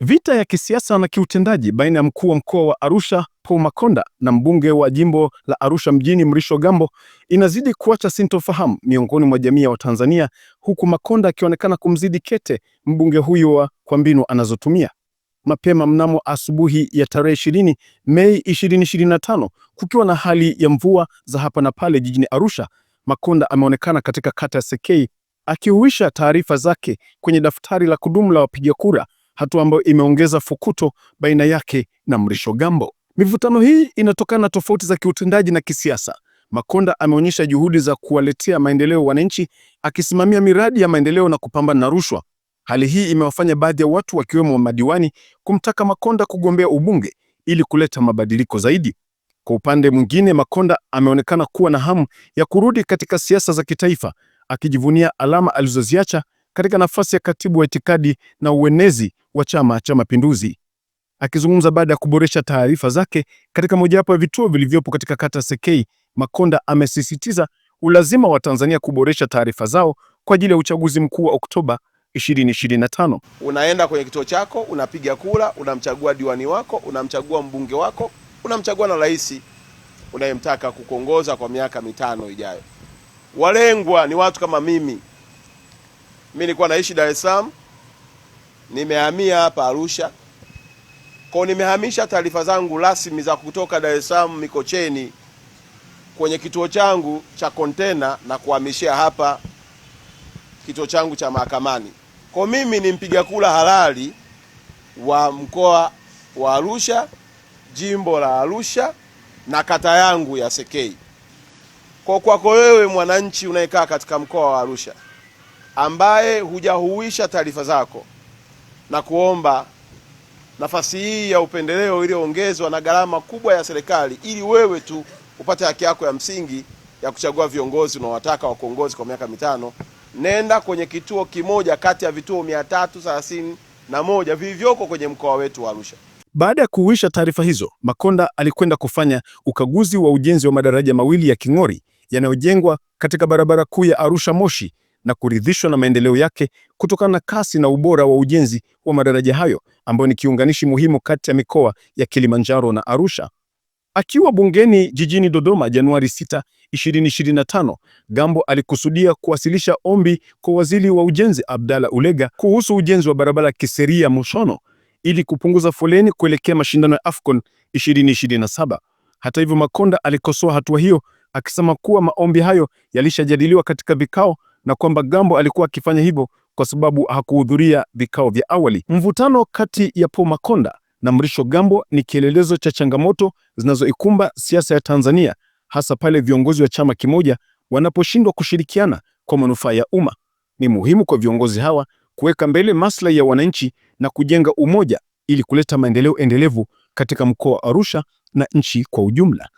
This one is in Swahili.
Vita ya kisiasa na kiutendaji baina ya mkuu wa mkoa wa Arusha Paul Makonda na mbunge wa jimbo la Arusha mjini Mrisho Gambo inazidi kuacha sintofahamu miongoni mwa jamii ya Watanzania, huku Makonda akionekana kumzidi kete mbunge huyo wa kwa mbinu anazotumia. Mapema mnamo asubuhi ya tarehe 20 Mei 2025, kukiwa na hali ya mvua za hapa na pale jijini Arusha, Makonda ameonekana katika kata ya Sekei akihuisha taarifa zake kwenye daftari la kudumu la wapiga kura hatua ambayo imeongeza fukuto baina yake na Mrisho Gambo. Mivutano hii inatokana na tofauti za kiutendaji na kisiasa. Makonda ameonyesha juhudi za kuwaletea maendeleo wananchi, akisimamia miradi ya maendeleo na kupambana na rushwa. Hali hii imewafanya baadhi ya watu wakiwemo madiwani kumtaka Makonda kugombea ubunge ili kuleta mabadiliko zaidi. Kwa upande mwingine, Makonda ameonekana kuwa na hamu ya kurudi katika siasa za kitaifa, akijivunia alama alizoziacha katika nafasi ya katibu wa itikadi na uenezi wa Chama cha Mapinduzi. Akizungumza baada ya kuboresha taarifa zake katika mojawapo ya vituo vilivyopo katika kata Sekei, Makonda amesisitiza ulazima wa Tanzania kuboresha taarifa zao kwa ajili ya uchaguzi mkuu wa Oktoba 2025. Unaenda kwenye kituo chako, unapiga kura, unamchagua diwani wako, unamchagua mbunge wako, unamchagua na rais unayemtaka kukuongoza kwa miaka mitano ijayo. Walengwa ni watu kama mimi mimi nilikuwa naishi Dar es Salaam, nimehamia hapa Arusha. Kwa nimehamisha taarifa zangu rasmi za kutoka Dar es Salaam Mikocheni kwenye kituo changu cha kontena na kuhamishia hapa kituo changu cha mahakamani. Kwa mimi ni mpiga kura halali wa mkoa wa Arusha, jimbo la Arusha na kata yangu ya Sekei. Kwa kwako wewe mwananchi unayekaa katika mkoa wa Arusha ambaye hujahuisha taarifa zako na kuomba nafasi hii ya upendeleo iliyoongezwa na gharama kubwa ya serikali ili wewe tu upate haki yako ya msingi ya kuchagua viongozi unaowataka wa kuongozi kwa miaka mitano. Nenda kwenye kituo kimoja kati ya vituo mia tatu thelathini na moja vilivyoko kwenye mkoa wetu wa Arusha. Baada ya kuhuisha taarifa hizo, Makonda alikwenda kufanya ukaguzi wa ujenzi wa madaraja mawili ya king'ori yanayojengwa katika barabara kuu ya Arusha Moshi na kuridhishwa na maendeleo yake kutokana na kasi na ubora wa ujenzi wa madaraja hayo ambayo ni kiunganishi muhimu kati ya mikoa ya Kilimanjaro na Arusha. Akiwa bungeni jijini Dodoma Januari 6, 2025, Gambo alikusudia kuwasilisha ombi kwa Waziri wa Ujenzi Abdalla Ulega kuhusu ujenzi wa barabara Kiseria Mushono ili kupunguza foleni kuelekea mashindano ya Afcon 2027. Hata hivyo, Makonda alikosoa hatua hiyo akisema kuwa maombi hayo yalishajadiliwa katika vikao na kwamba Gambo alikuwa akifanya hivyo kwa sababu hakuhudhuria vikao vya awali. Mvutano kati ya Paul Makonda na Mrisho Gambo ni kielelezo cha changamoto zinazoikumba siasa ya Tanzania, hasa pale viongozi wa chama kimoja wanaposhindwa kushirikiana kwa manufaa ya umma. Ni muhimu kwa viongozi hawa kuweka mbele maslahi ya wananchi na kujenga umoja ili kuleta maendeleo endelevu katika mkoa wa Arusha na nchi kwa ujumla.